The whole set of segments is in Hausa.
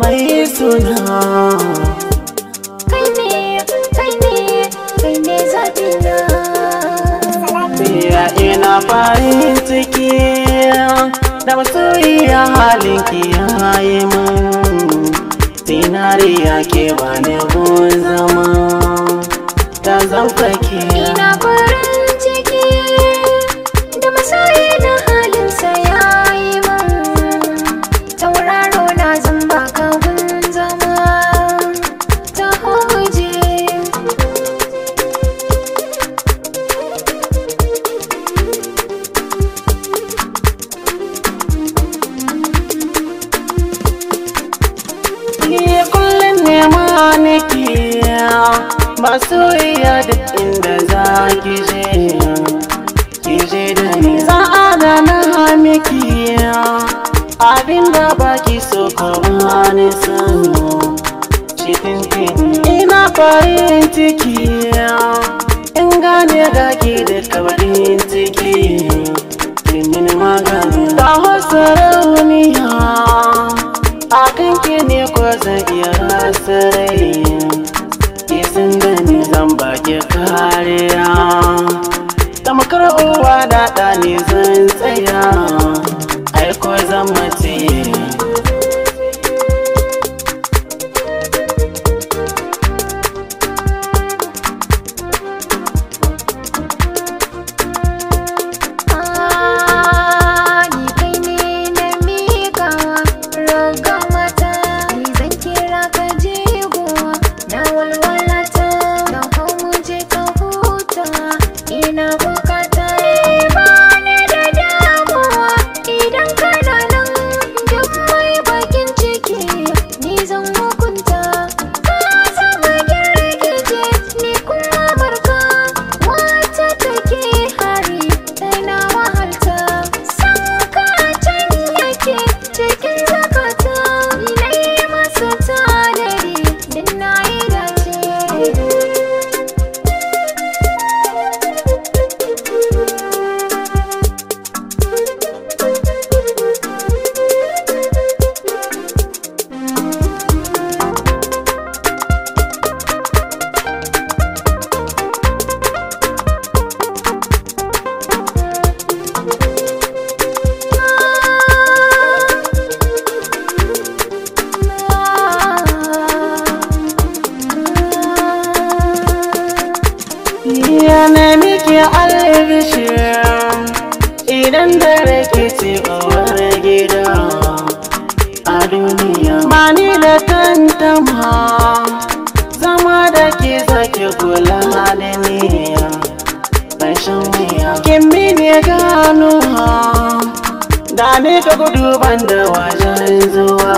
mai suna kai ne kai ne kai ne zaɓina biya ina farin ciki da masoyiya halinki ya min ke ba ne zama ta masu iya duk inda za ki je ki je da ni za a hami kiya abin da baki so kama ni sanu cikin ina farin ciki in gane ki da kabarin ciki Kin mini magana ta wasu rauniya ne ko zan iya rasa rai isin da ni zan baki kariya tamkar uwa da ɗa ne zan tsaya aiko zan mace albishir idan da rake ce gida a duniya ba ni da tantama zama da ke zaki kula da niya rashin miya kin mini gano ha da ne ka gudu ban da wajen zuwa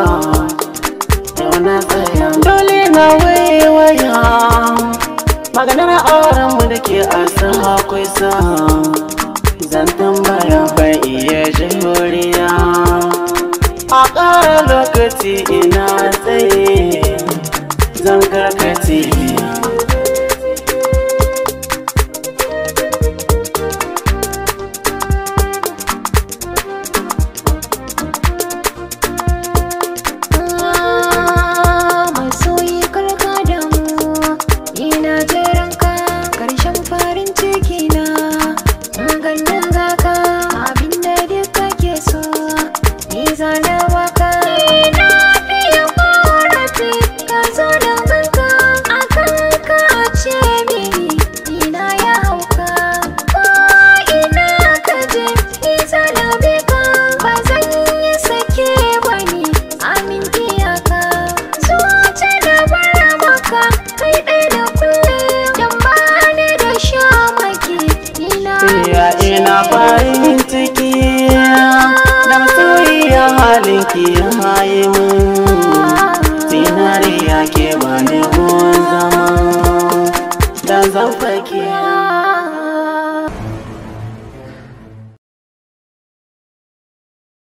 yau na tsaya dole na waiwaya maganar auren mu da ke a san akwai sa zantan baya iya jin a ƙara lokaci ina I know. zan fake